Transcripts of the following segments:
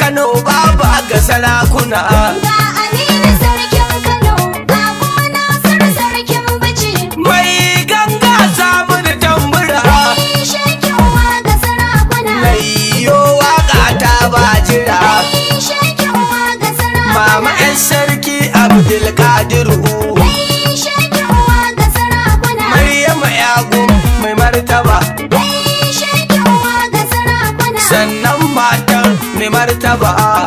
Kano babu ga sarakuna. martaba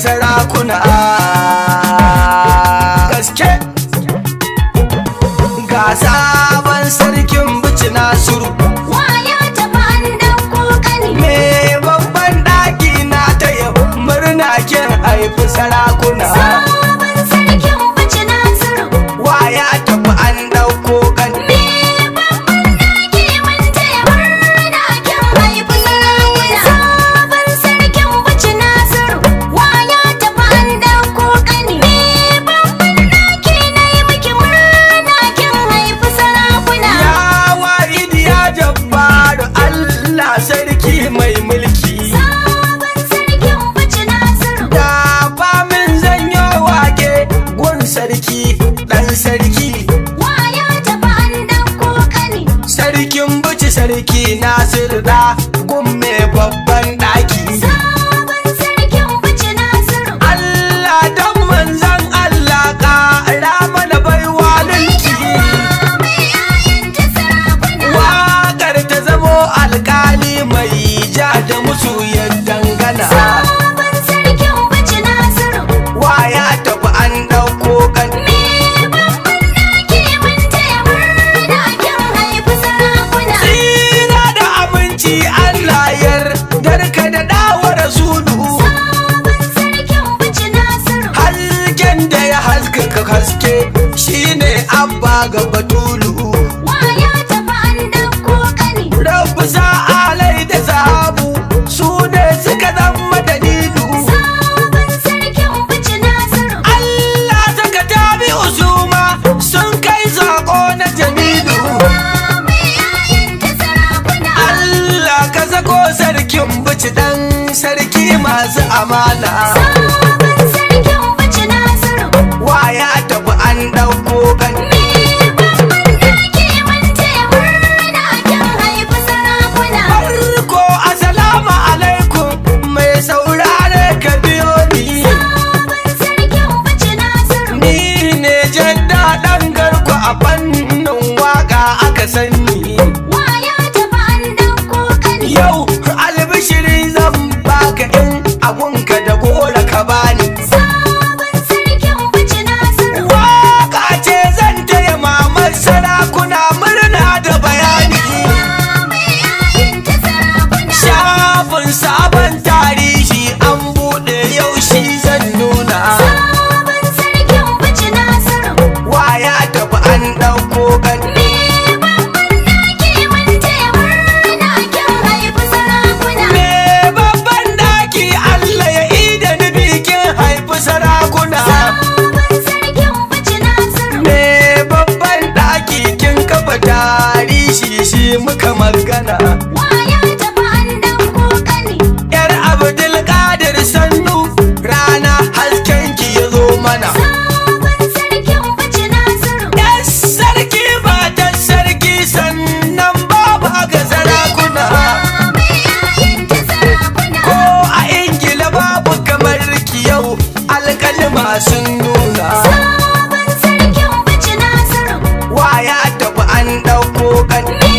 sarakuna bikin buci sarki na sirra wanda ya haskaka haske shine abba ga batulu waya tafi an dauko kani rabu sa'alai da zahabu su ne suka zama dalilu sabon sarkin bici nasiru Allah suka tabi usuma sun kai zako na jamilu Allah ka zako sarkin bici dan sarki masu amana al'umma sun nuna sabon sarkin bici nasiru waya tafi an ɗauko kan me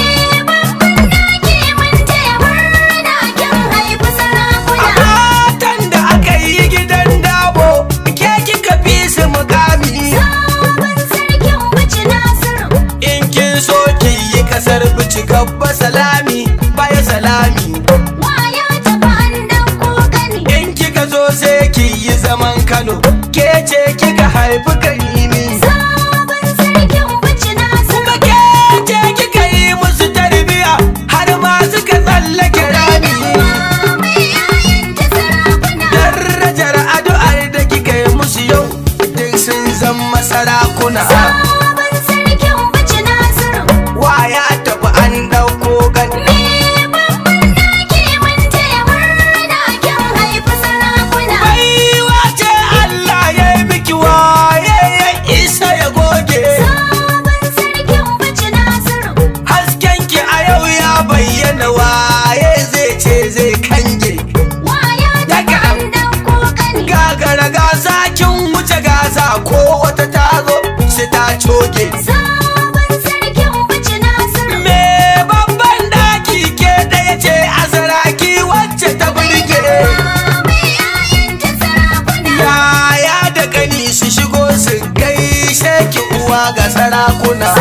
babban naki mun taya murna kin haifi sarakuna a da aka yi gidan dabo ke kika fi su mukami sabon sarkin bici nasiru in kin so ki yi kasar bici gabba salami 还不敢。kuna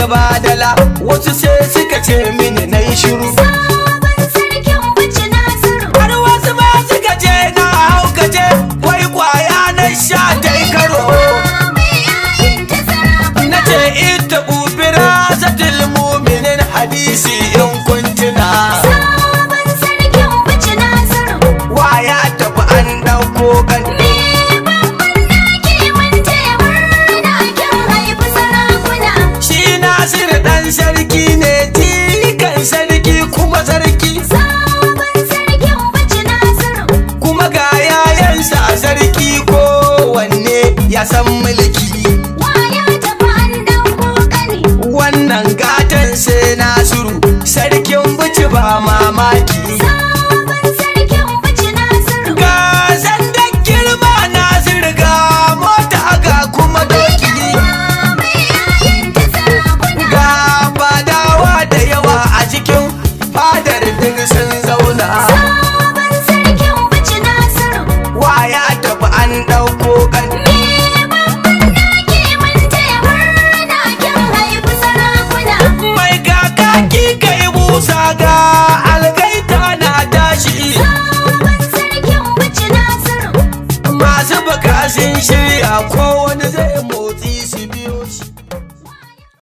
gaba dala wasu sai suka ce mini na yi shiru Nasiru dan sarki ne